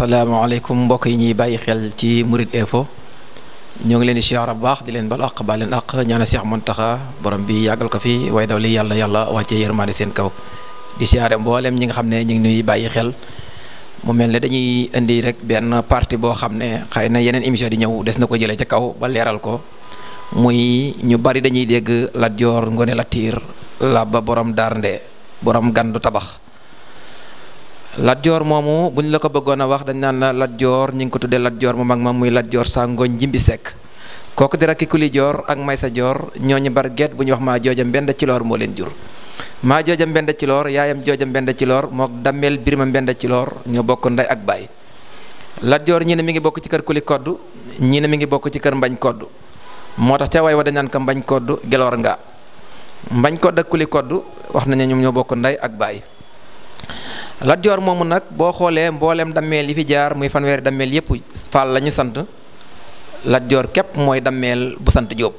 Assalamualaikum mbok yi ñi bayyi xel ci mourid Info ñoo ngi leen di siyaara bu baax di leen bal àq bal leen àq ñana Cheikh Mountakha borom bi yagal ko fi way dawli yalla yalla wacce yermane seen kaw di siyaare mboolem ñi nga xam ne ñu ngi nuy bàyyi xel mu melni dañuy indi rek ben parti bo xam ne yenen émission di ñew des na ko jëlee ci kaw ba leeral ko muy ñu bari dañuy dégg dior ngone la tire la ba borom Darnde borom Gandu tabakh Lat Joor moomu buñ la ko bëggona wax dañ nan la Lat ko tuddé Lat mu mag ma muy Lat Sangoñ Jimbi sek koku di rakki Kuli jor ak Maysa Joor ñooñu barget bu buñ wax ma jojam mbend ci lor mo leen jur ma jojam mbend ci lor yaayam jojam mbend ci lor mok damel birima mbend ci lor ñoo bokk nday ak bay Lat ñi ne mi ngi bokk ci kër Kuli Koddu ñi ne mi ngi bokk ci kër Mbañ Koddu motax ca way wa dañ nan ko Mbañ Koddu gelor nga Mbañ Koddu Kuli Koddu wax nañu ñoom ñoo bokk nday ak bay la dior momu nak bo xoolee mbollem dammeel yi fi jaar muy fanwer dammeel yep fal lañu sant la dior kep moy dammeel bu sant job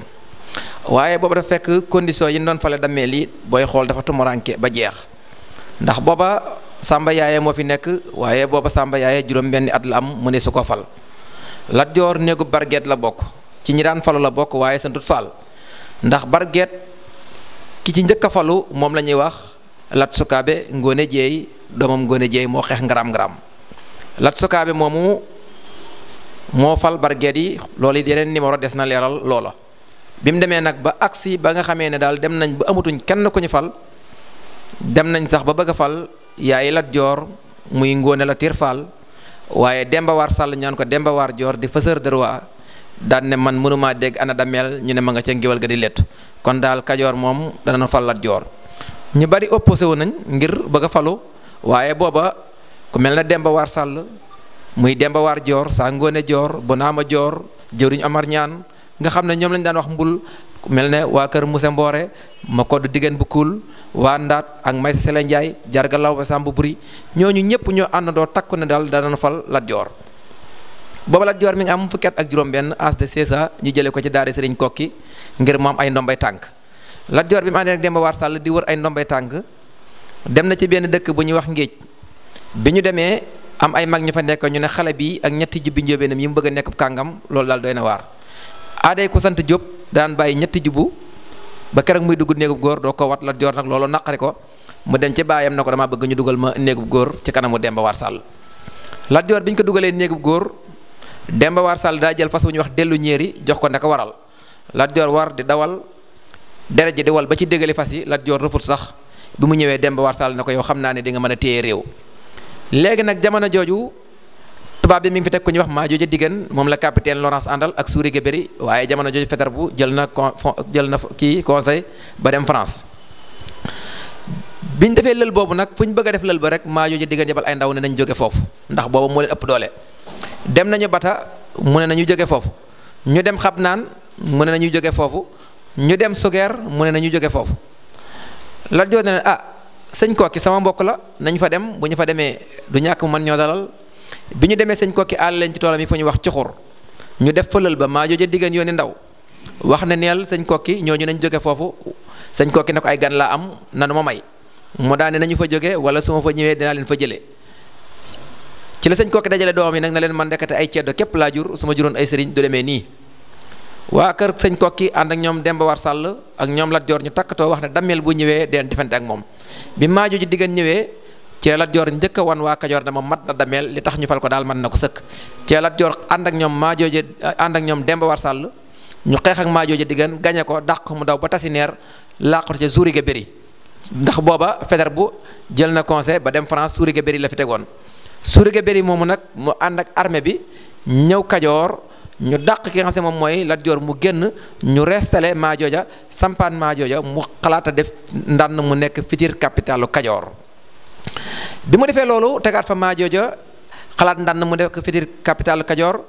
waye bobu da fekk condition yi ñu doon fale dammeel yi boy xol dafa moranké ba jeex ndax boba Samba Yaaye mo fi nek waye boba Samba Yaaye juróom benn at la am mu ne su ko fal la dior negu barget la bok ci ñi daan falu la bokk santut fal ndax barget ki ci njëkk falu mom lañuy wax Lat sukabe ngone Jeey domam gone jey mo xex ngaram ngaram lat sokabe momu mo fal bargedi loli yenen it moro numéro des na leeral loola bi mu nak ba aksi ba nga xamee ne dal dem nañ bu amutuñ kenn ku ñu fal dem nañ sax ba bëgg fal yaay Lat jor muy la tir fal waye Demba War sal ñaan ko Demba War jor di fesseur de roi dan ne man mënuma dégg ana mel ñu ne ma nga ci ngewal ga di lett kon daal mom da na fal Lat jor ñu bari opposé wonañ ngir bëgg falo waaye booba ku mel na Demba War Sàll muy Demba War Joor saa Ngoone Joor bu ma Joor jëwriñ amar Ñaan nga xam ne ñoom lañ daan wax mbul ku mel ne waa kër Moussa Mboore ma kodd diggéen bu kuul waa Ndaat ak Maysa Sele Njaay Jarga Law ba Sàmb Buri ñooñu ñëpp ñoo àndandoo takku ne daal danañ fal Lat Joor booba Lat Joor mi ngi am fukki at ak juróom-benn as de CSA ñu jëlee ko ci daara Sëriñ Kokki ngir mu am ay ndombay tànk Lat Joor bi mu àndee ak Demba War di wër ay ndombay tànk dem na ci benn dëkk bu ñu wax ngéej bi ñu am ay mag ñu fa nekk ñu ne xale bi ak ñetti jubbi njóobeenam yi mu bëgg a nekk kàngam loolu daal doy na waar aaday ko sant Jóob daan bàyyi ñetti jubbu ba keroog muy dugg néegub góor doo ko wat la joor nag loolu naqari ko mu dem ci baayam na ko dama bëgg ñu dugal ma néegub góor ci kanamu Demba War Sall la Joor biñ ko dugalee néegub góor Demba War Sall daa jël fas bu wax dellu ñeeri jox ko waral la Joor war di dawal deret ji di wal ba ci dégale fas yi la Joor refut sax bi mu ñëwee Demba War Sall na ko yow xam naa ne dinga mën a téye réew léegi nag jamono jooju tubaab bi mi ngi fi teg ku ñuy wax Maajooj Diggan moom la capitaine Laurence àndal ak Souris Guéberry waaye jamono jooju bu jël na con jël na kii conseil ba dem France. biñ defee lël boobu nag fu ñu bëgg def lël ba rek Maajooj Diggan yebal ay ndaw ne nañ jóge foofu ndax boobu moo leen ëpp doole dem nañu bata mu ne nañu jóge foofu ñu dem Xabnaan mu ne nañu jóge foofu ñu dem Sugeer mu ne nañu jóge foofu. Lat Joor ne ah sëñ Kokki sama mbokk la nañu fa dem bu ñu fa demee du ñàkk mu mën ñoo dalal bi ñu demee sëñ Kokki àll leen ci toolam yi fu ñu wax cuxur ñu def fëlal ba maa jooja diggéen yooni ndaw wax ne neel sëñ Kokki ñooñu nañ jóge foofu sëñ kooki ne ko ay gan laa am na nanu ma may mu daane nañu fa jóge wala su ma fa ñëwee dinaa leen fa jëlee ci la sëñ Kokki dajale doomam yi nag na leen man dekate ay ceddo képp laa jur su ma juróon ay sëriñ du demee nii wa kër sëñ koki and ak ñoom Demba War Sall ak ñom la Joor ñu takato wax ne damel bu nyewe, den defante ak mom bi maajo ji diggan ñëwee ci la Joor njëkk wan wan ka Kajoor dama mat na damel li tax ñu fal ko dal man nako ko sëkk cee Lat Joor ànd ak ñom maajo ji and ak ñoom Demba War Sall ñu xex ak maajo ji diggan gañé ko dakk mu daw ba la xor ci suuri ga beri ndax boba feder bu jël na conseil ba dem France suuri ga beri la fi tegoon suuri ga beri momu nak mu and ak armée bi ñëw ñu dakk ki nga xamne mom moy la dior mu genn ñu jojja sampane ma jojja mu xalaata def ndan mu nek fitir capitalu kadior bima defé lolu tegaat fa jojja xalaat ndan mu nek fitir capitalu kadior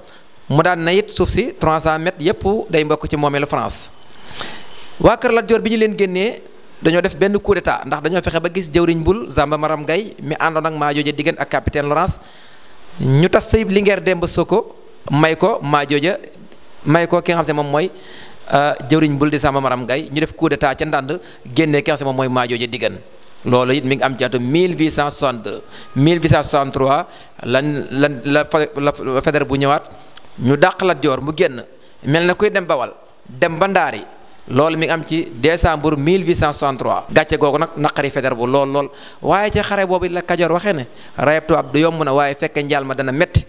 mu daan na suuf ci 300 mètres yépp day mbokk ci moomeelu France wa kër la dior biñu leen genné dañu def benn coup d'état ndax dañu fexé ba gis bul Zamba Maram Gay mi andon ak jojja diggante ak capitaine Laurence ñu tass sayib demb Soko may ko maa jooja may ko ki nga xam ne moom mooy euh, jëwriñ bul di Samba Maram Gaye ñu def coup d'état ca ndànd génnee ki xam ne moom mooy maa jooja diggan loolu it mi ngi am ci atum 1862 1863 lan lan la la bu ñëwaat ñu dàq Lat Joor mu génn mel na kuy dem Bawal dem ba Ndaari loolu mi am ci décembre 1863 gàcce googu nag naqari Faidherbe bu lool lool waaye ci xare boobu la Kajoor waxee ne rayab tubaab du yomb na waaye fekke njaal ma dana métti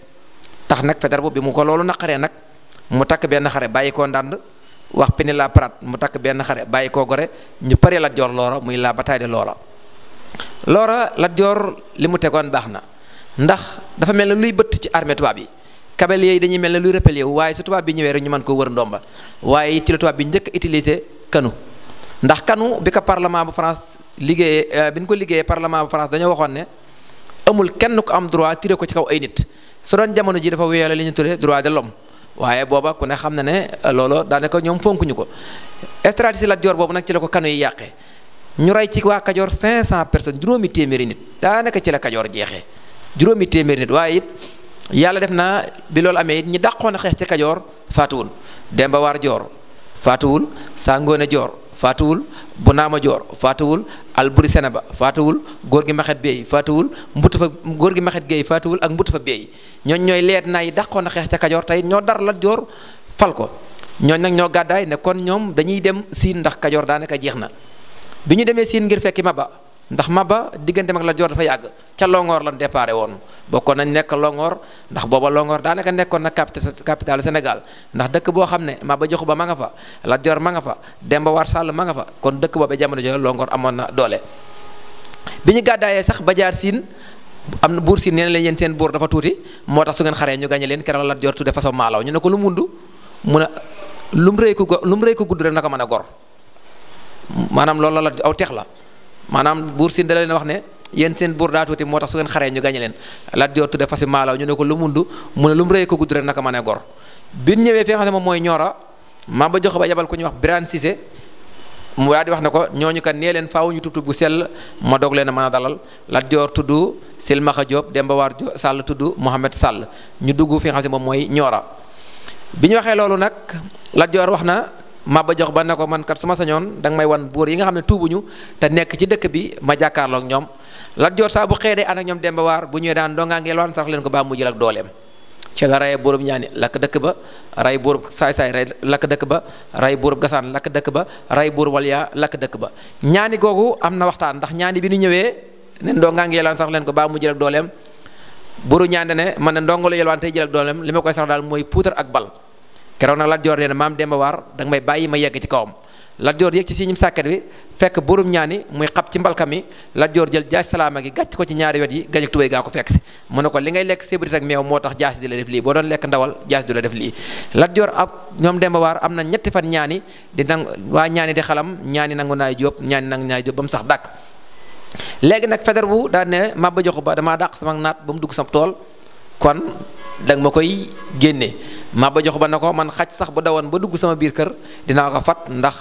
tax nag Faidherbe boobu bi mu ko loolu naqaree nag mu takk benn xare bàyyi koo ndànd wax la laprade mu takk benn xare bàyyi koo Gorée ñu paree Lat Joor Loora muy la bataille de Loora Loora Lat Joor li mu tegoon baax na ndax dafa mel ne luy bëtt ci armée tubaab yi kabel yooyu dañuy mel ne luy rappelé wu waaye su tubaab bi ñëwee rek ñu mën koo wër ndomba waaye ci la tubaab bi njëkk utiliser kanu ndax kanu bi ko parlement bu France liggéeyee euh, bi ñu ko liggéeyee parlement bu France dañoo waxoon ne amul kenn ku am droit tiré ko ci kaw ay nit. su doon jamono ji dafa wéyale li ñu tuddee droit de l'homme waaye booba ku ne xam na ne euh, loolu daanaka ñoom fonkuñu ko stratégie la Joor boobu nag ci la ko kanu yi yàqe ñu rey ci waa Kajoor cent personnes juróomi téeméeri nit daanaka ci la Kajoor jeexee juróomi téeméeri nit waaye it yàlla def naa bi loolu amee it ñi dàqoon a xeex ci Kajoor faatuwul Demba War Joor faatuwul Sangoone Joor faatawul bu naama joor faatuwul alburi ba faatawul góor gi maxet beey faatuwul mbutu fa góor gi maxet géey faatawul ak mbutu fa beey ñooñ ñooy leet naa yi dàqoon a xeex ca kajoor tey ñoo dar la Joor fal ko ñooñ nag ñoo gàddaay ne kon ñoom dañuy dem siin ndax kajoor daanaka jeex na bi ñu demee siin ngir fekki Maba ndax Maba digënté mak la jor dafa yag ca longor lan déparé won bokko nañ nek longor ndax longor da naka nekkon na capital Sénégal ndax dëkk bo xamné ne Maba Jaxu Ba ma nga fa la jor ma nga fa Demba War Sall ma nga fa kon dëkk bobé jamono jooju longor amon na doolé biñu gadayé sax ba jaar siin am na buur siin nee na leen yéen seen dafa tuuti motax su ngeen xaré ñu gañé leen kéral la jor tudé façon malaw ñu ne lu mundu muna lum reey ko lum reey ko gudd rek naka mëna gor manam loolu la aw teex la manam bursin sin dalen wax ne yéen sen bur daa tuuti motax su ngeen xare ñu gañe leen Lat Joor tudde fasi maalaw ñu ne ko lu mundu mu ne lu reey ko gudd naka mané gor bi ñewé fi xam ne moom ba jox ba yabal ko ñu wax brand Cissé mu wadi wax nako ñoñu kan ne len faaw ñu tuttu bu sell ma doog dalal Lat Joor tudd Silmaxa Jóob Demba War sal tuddu mohammed sal ñu duggu fi xam ne moom mooy ñoora bi waxna ba jox ba ne ko man kat suma sañon dang may wan buur yi nga xamne tuubu ñu te nek ci dekk bi ma ak ñom la jor sa bu xëy day ànd ak ñoom Demba Waar bu ñewé daan nga ngeel waan sax leen ko ba mu jël ak dolem ci la raye buurub ñani lak dekk ba ray buurub say say ray lak dekk ba ray buurub gasan lak dekk ba ray buurub walya lak dekk ba ñani googu am waxtaan ndax ñani bi ñu ñewé ne nga ngeel yelwaan sax leen ko ba mu jël ak dolem buru ñaan ne man ne ndongo la yelwaan jël ak dolem li sax dal moy poutre ak bal keroog nag Lat namam nee maam Demba War dang may bayyi ma yegg ci kawam Lat Joor ci siñum sakkat wi fekk burum ñaani muy xap ci mbalkam mi Lat Joor jël jaas salaama gi gatch ko ci ñaari wet yi gajj tuway ga ko fekk ci li ngay lek sébrit ak meew motax jaas di la def li bo doon lek ndawal jaas di la def li Lat Joor ak ñom Demba War amna ñetti fan ñaani di nang wa ñaani di xalam ñaani nangu nay job ñaani nang naay job bam sax dak légui nak bu né ne mabba joxu ba dama dak sama nat bam dugg sam kon danga ma koy génne ma ba jox ba na ko man xaj sax bu dawoon ba dugg sama biir kër dinaa ko fat ndax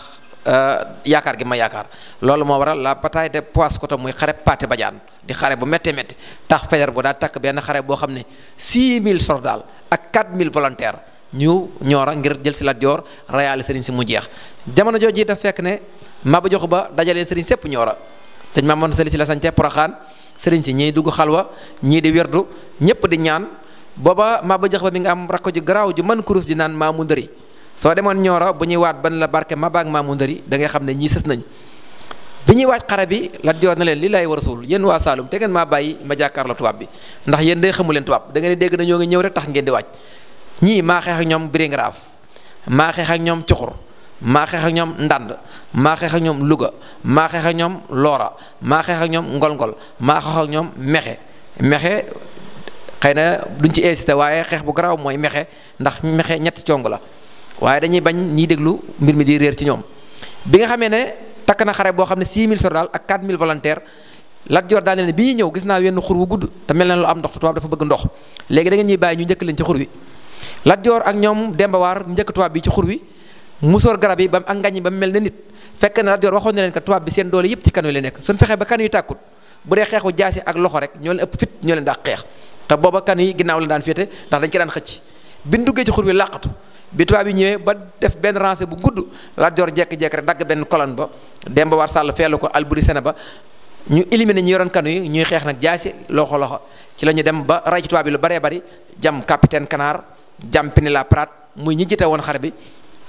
euh, yaakaar gi ma yaakaar loolu moo waral la bataille de Paoskoto muy xare Pathé bajaan di xare bu méttee métti tax Faidherbe bu daa takk benn xare boo xam ne 6000 soldats ak 4000 volontaires ñu ñoora ngir jël si la Joor rayaale sëriñ si mu jeex jamono jooju daf fekk ne Maba Jaxu Ba dajalee sëriñ sépp ñoora sëñ Maam Mor Sali si la sañte Poroxaan sëriñ si ñii dugg xalwa ñii di werdu ñëpp di ñaan booba maa ba jax ba mi nga am rakko ju garaaw ju man kurus di naan maa mu ndëri soo demoon ñooro bu ñuy waat ban la barke ma baag maa mu ndëri da xam ne ñii sës nañ bi ñuy waaj xare bi la Joor na leen li laay war suul yéen waa Saalum te ngeen maa bàyyi ma jàkkaarloo tubaab bi ndax yéen day xamu leen tubaab da dégg na ngi ñëw rek tax ngeen di waaj ñii maa xeex ak ñoom Biringaraaf maa xeex ak ñoom Cuxur maa xeex ak ñoom ndànd maa xeex ak ñoom Louga maa xeex ak ñoom Lora maa xeex ak ñoom ngol-ngol maa xeex ak ñoom mexe mexe xëy na duñ ci insisté waaye xeex bu garaaw mooy mexe ndax mexe ñetti cong la waaye dañuy bañ ñiy déglu mbir mi di réer ci ñoom bi nga xamee ne takk na xare boo xam ne 6000 soldats ak 4000 volontaires Lat Joor daal ne bi ñuy ñëw gis naa wenn xur wu gudd te mel na lu am ndox te tubaab dafa bëgg ndox léegi da ñuy bàyyi ñu njëkk leen ci xur wi Lat Joor ak ñoom Demba War bi ci xur wi musóor garab yi ba ak ngañ yi ba mu mel na nit fekk na Lat Joor waxoon na leen que tubaab bi seen doole yëpp ci kanu yi nekk suñ fexee ba kanu yi tàkkut bu dee xeexu jaasi ak loxo rek ñoo leen ëpp fit ñoo leen daa xeex te booba kanu yi ginnaaw la daan féete ndax dañ ci daan xëcc biñ duggee ci xur bi làqatu bi tubaab yi ñëwee ba def benn rancée bu gudd Lat Joor jekk-jekk rek dagg benn colonne ba Demba War Sall feelu ko Alburi Sene ba ñu éliminé ñu yoroon kanu yi ñuy xeex nag jaasi loxo loxo ci la ñu dem ba ray ci tubaab yi lu baree bari jam capitaine Canard jam pinet muy ñi jite woon xare bi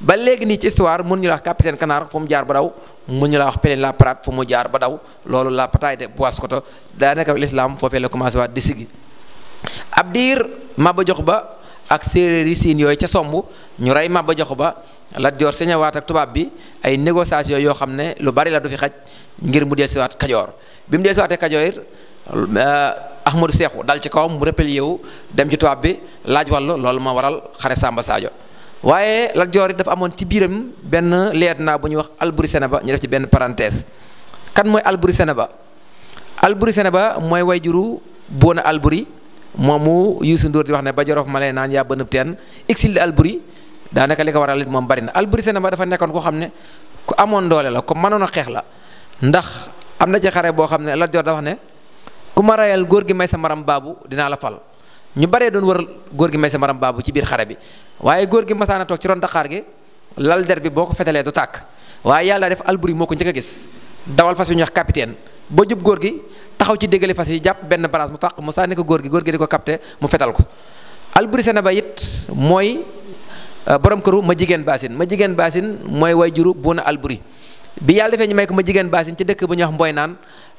ba léegi nii ci histoire mun ñu la wax capitaine Canard fu mu jaar ba daw mun ñu la wax Pelé Laprade fu mu jaar ba daw loolu la bataille de Paoskoto daanaka l'islam foofee la commencé waat di sigi ab diir Maba Jox Ba ak séeréer yi siin yooyu ca somb ñu rey Maba Jox Ba Lat Joor sañawaat ak tubaab bi ay négociations yoo xam ne lu bari la du fi xaj ngir mu dellusiwaat Kajoor bi mu dee dellusiwaatee Kajoor euh, Ahmadou Seexu dal ci kawam mu rappelé yow dem ci tubaab bi laaj wàllu loolu ma waral xare Samba Sadio. waye Lat jori dafa amone ci biram benn leer na buñ wax Alburi senaba ñu def ci benn parenthèse kan moy Alburi senaba Alburi senaba moy wayjuru bona Alburi momu Youssou Ndour di wax ne ba jorof male nan ya yaa bënëb exil di Alburi daanaka li ko waral nit mom bari na Alburi senaba dafa nekkon ko xamne ne ku amone doole la ko manono xex la ndax amna ci xare bo xamne ne jor Joor dafa wax ne kuma rayal gor gi may sa maram babu dina la fal ñu bare doon wër goor gi may sa maram babu ci biir xara bi waaye goor gi masaana tok ci ron dakar gi lal der bi boo du tak waaye yalla def alburi moko ñëk gis dawal fas yu ñuy wax capitaine bo jup goor gi taxaw ci déggali fas yi jàpp benn mu faq mu ko goor gi goor gi diko capté mu fetal ko alburi senaba yit moy. Euh, borom keuru ma jigen basin ma jigen baasin moy wayjuru juru alburi bi yalla defee ñu may ko ma jigen baasin ci dëkk bu ñu wax mboy naan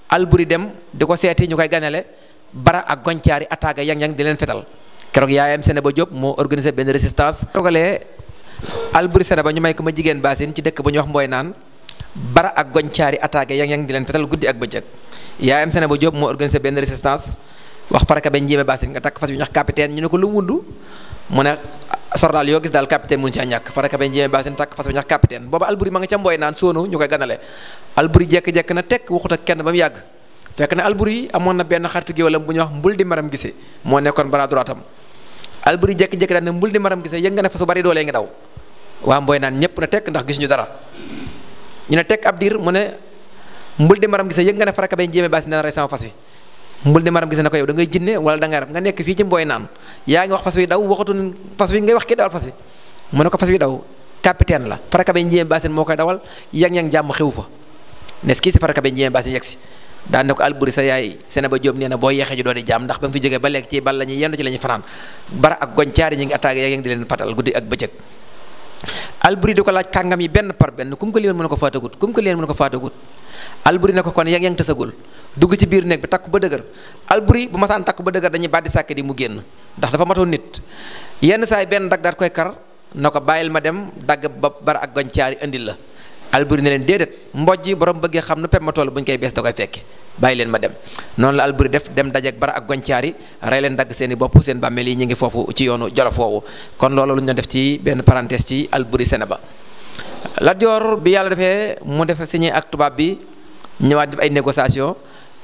alburi dem diko sété ñukay ganalé bara ak goncaari attaque yang-yang di len fetal kérok yaayam Sénéba job mo organiser ben résistance rogalee Alboury Sénéba ñu may ko ma jigen basin ci dëkk bu ñu wax moy naan bara ak goncaari attaque yang-yang di len fetal guddi ak bëccëg yaayam Sénéba job mo organiser ben résistance wax faraka ben njéeme basin nga tak fas ñu wax capitaine ñu ne ko lu wundu mu ne sor yo gis dal capitaine mu ci ñak faraka ben njéeme basin tak fas ñu wax capitaine booba alburi ma nga ca mbooy naan sonu ñukay ganalé alburi jek jek na tek waxuta kenn bam fekk na Alburi amoon na benn xaritu géwalam bu ñuy wax mbul di maram gise moo nekkoon bara droitam Alburi jékki-jékki daan ne mbul di maram gise yëg nga ne fa su bari doolee nga daw waa mbooy naan ñëpp na tekk ndax gis ñu dara ñu ne tekk ab diir mu ne mbul di maram gise yëg nga ne faraka bay njéeme baasi dana rey sama mbul di maram gise ne ko yow da ngay jinne wala da ngay rab nga nekk fii ci mbooy naan yaa ngi wax fas wi daw waxatu fas wi ngay wax kii dawal fas wi mu ne ko fas wi daw capitaine la faraka bay njéeme baasin koy dawal yang yang jàmm xewu fa si faraka bay njéeme dan nak alburi sa yaay Sénéba Jóob nee na boo yeexee ñu doon jam ndax bam fi jógee ba léegi ci bal la yendu ci bar bara ak goñcaari ñi ngi attaqué yaa ngi di leen fatal gudi ak bëccëg alburi diko laaj kangam yi benn par benn kum ko leen mëna ko faata gut kum ko leen mëna ko faata gut alburi nako kon yaa ngi tassagul dugg ci biir nek bi takku ba deugar alburi bu san takku ba deugar dañuy bàddi sakki di mu genn ndax dafa matoon nit yenn saay benn dag daat koy kar nako bayil ma dem dag ba ak yi andil la alburi na leen déedéet mbojj borom bëggee xam nu pep ma toll bu ñu koy bees da koy fekke bàyyi leen ma dem noonu la alburi def dem dajeek bara ak goncaar yi rey leen dagg seeni i bopp seen bàmmeel yi ñu ngi foofu ci yoonu jolof woowu kon loolu lu ñu doon def ci benn parenthèse ci alburi Sénéba la Joor bi yàlla defee mu def signé ak tubaab bi ñëwaat def ay négociation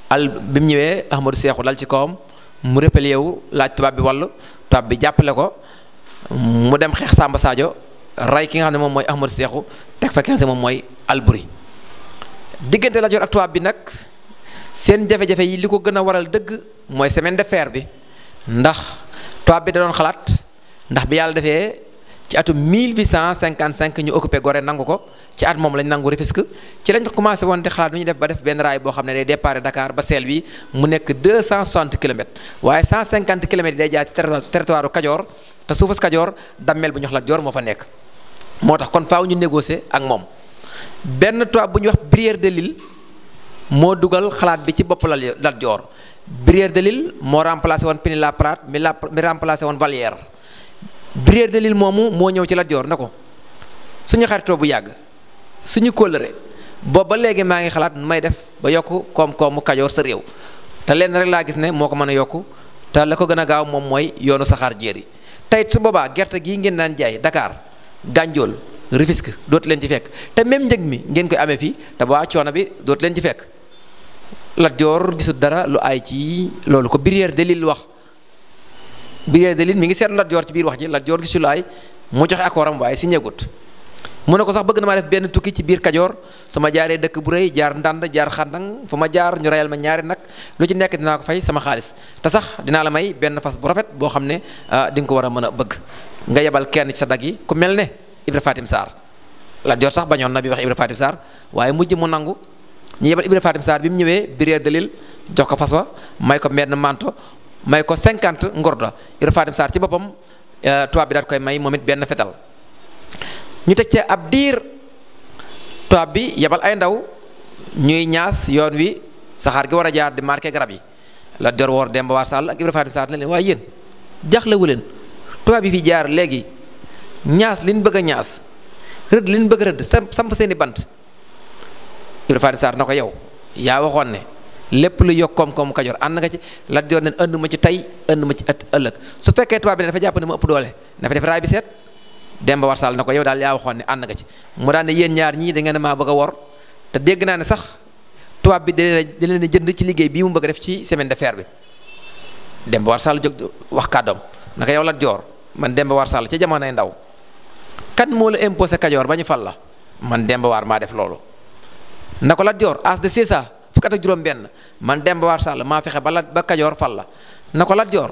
al bi mu ñëwee Ahmadou Seexu dal ci kawam mu répélié wu laaj tubaab bi wàll tubaab bi jàppale ko mu dem xeex Samba Sadio ray ki nga xam ne moom mooy Ahmadu Seexu teg fa ki nga moom mooy Alburi diggante Lat Joor ak tubaab bi nag seen jafe-jafe yi li ko gën a waral dëgg mooy semaine de fair bi ndax tubaab bi da doon xalaat ndax bi yàlla defee ci atum 1855 ñu occupé Gorée nangu ko ci at moom lañ nangu Rufisque ci lañ commencé woon di xalaat nu ñu def ba def benn raay boo xam ne day départ Dakar ba seel wi mu nekk 260 kilomètres waaye cent kilomètres yi day jaar ci territoire territoire Kajoor Kajoor dammel bu ñox la Joor moo fa nekk. moo tax kon faaw ñu négocier ak moom benn tubaab bu ñuy wax Brière de Lille moo dugal xalaat bi ci bopp Lat Joor Brière de Lille moo remplacé woon Pinet-Laprade mi la mi remplacé woon Vallière Brière de Lille moomu moo ñëw ci Lat Joor na ko suñu xaritoo bu yàgg suñu kóllëre boobu ba léegi maa ngi xalaat nu may def ba yokk koom-koomu Kajoor sa réew te lenn rek laa gis ne moo ko mën a yokk te la ko gën a gaaw moom mooy yoonu saxaar jéeri tey su boobaa gerte gii ngeen daan jaay Dakar. ganjol rifisk dot len ci fek te même njëg mi ngeen koy amé fi te ba coono bi dot len ci fek la dior gisu dara lu ay ci lolou ko birier Delil wax birier Delil mi ngi set la dior ci bir wax ji la dior gisu lay mu jox accordam way si ñegut mu ne ko sax bëgg na ma def ben tukki ci bir kadior sama jaaré dekk bu reuy jaar ndand jaar xandang fu ma jaar ñu rayal ma ñaari nak lu ci nekk dina ko fay sama xaaliss te sax dina la may ben fas bu rafet bo xam ah, ding ko wara mëna bëgg nga yabal kenn ci sa dag yi ku melne ne Ibra Fatim sar la dior sax bañon nabi wax Ibra Fatim sar waye mujj mu nangu ñi yabal Ibra Fatim sar bimu ñewé biré Dalil jox ko faswa may ko menn manto may ko 50 ngordo Ibra Fatim sar ci bopam euh, tuwa bi daat koy may momit ben fetal ñu teg ca ab diir bi yabal ay ndaw ñuy ñaas yoon wi sahar gi wara jaar di marqué garab yi Lat wor woor Demba War Sall ak Ibra Fatim sar ne leen waaye yéen jaaxlewu tubaab yi fi jaar léegi ñaas liñ bëgg a ñaas rëdd liñ bëgg a rëdd samp seeni bant Ibra Faati Saar na ko yow yaa waxoon ne lépp lu yokk koom-koom Kajoor ànd nga ci la doon ne ënd ma ci tey ënd ma ci ëtt ëllëg su fekkee tubaab bi ne dafa jàpp ne mu ëpp doole dafa def raay bi seet demb War Sall na ko yow daal yaa waxoon ne ànd nga ci mu daan ne yéen ñaar ñi da ngeen maa bëgg a wor te dégg naa ne sax tubaab bi di leen a jënd ci liggéey bii mu bëgg def ci semaine de fer bi Demba War wax kàddoom na yow la man dembe War Sall ca jamonoy ndaw kan mo la imposer kadior bañu fal la man dembe War ma def lolu nako la dior as de cesa fukk at Mandem juróom man dembe War sal ma fexé ba la ba kadior fal la nako la dior Joor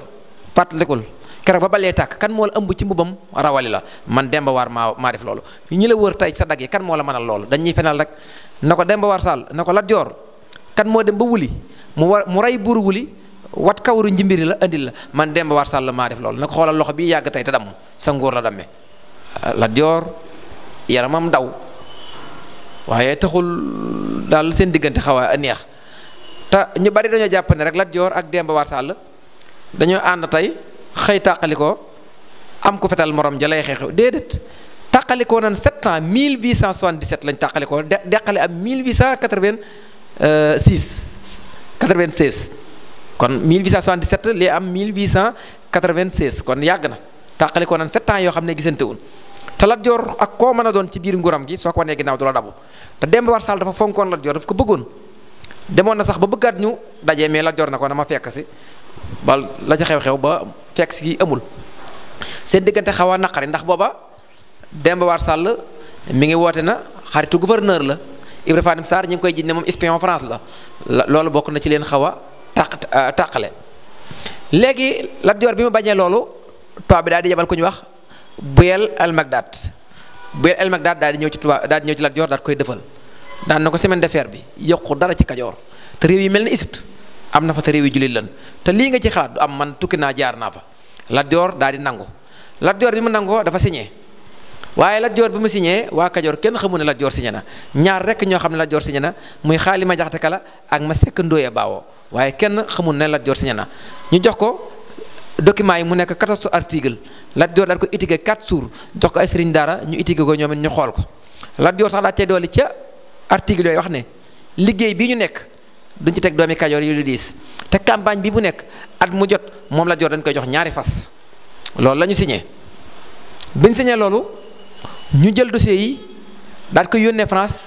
fàttalikul ba balé tak kan mo la ëmb ci mbubam rawali la man dembe War ma ma def lolu ñi la wër tay sa dag yi kan mo la lolu dañ ñi fénal rek nako dembe War sal nako la dior kan mo dem ba wuli mu ray buru wuli wat kawru njimbiri la andil la man Demba War sal ma def lol nak xolal loxo bi yag tay ta dam sa ngor la damé euh, la dior yaramam daw waye taxul dal sen digënté xawa a neex ta ñu bari dañu japp ne rek la dior ak Demba War sal dañu and tay xey takaliko am ku fetal morom ja lay xeexew dedet takaliko nan sept ans 1877 lañ takaliko dekkale am 1886 96 kon 1877 li am 1896 kon yàgg na tàqali ko nan 7 ans yoo xam ne gisante wun te Lat ak koo mën a doon ci biir nguram gi soo ko wanee ginnaaw du la dabu te Demba War Sall dafa fonkoon Lat Joor daf ko bëggoon demoon na sax ba bëggaat ñu dajee mais Lat Joor na ko dama fekk si ba la ca xew-xew ba fekk si amul seen diggante xaw a naqari ndax booba Demba War Sall mi ngi woote na xaritu gouverneur la fa Fatim Sarr ñu ngi koy jiñ ne moom espion France la loolu bokk na ci leen xaw a Tak, euh, taqale le. Lat Joor bi mu bañee loolu bi daal di yebal wax Buyel al Magdad Buyel al Magdad daal di ñëw ci toba daal di ñëw ci Lat dior dal koy defal dal nako semaine de fer bi yokku dara ci kadior te rew yi melni ni amna fa te rew yi julil lan te li nga ci xalat am man tukki naa jaar na fa Lat dior daal di nangu nango, dior bima mu dafa signé waye Lat dior bima signé wa kadior ken xamu ne dior signé na ñaar rek ño xamne ne dior signé na muy jaxta Kala ak ma sek ndoye bawo waye kenn xamul ne la Joor signé na ñu jox ko document yi mu nek 14 article la Joor daal ko itigé 4 jours jox ko ay serigne dara ñu itigé ko ñom ñu xol ko la Joor sax la tay doli ci article yoy wax ne liggéey bi ñu nek duñ ci tek doomi Kajoor yu lu diis te campagne bi bu nek at mu jot mom la Joor dañ koy jox ñaari fas lool lañu signé biñ signé lolu ñu jël dossier yi dal ko yone France.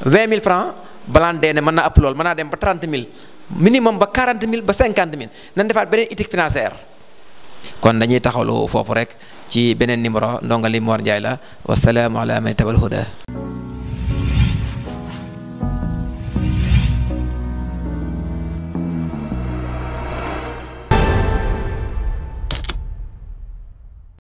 vingt mille francs Blindé ne mën na ëpp loolu mën naa dem ba trente mille minimum ba quarante mille ba cinquante mille nañ defaat beneen éthique financière. kon dañuy taxawlu foofu rek ci beneen numéro ndongali Mor Ndiaye la wasalaamu ala man tabal huda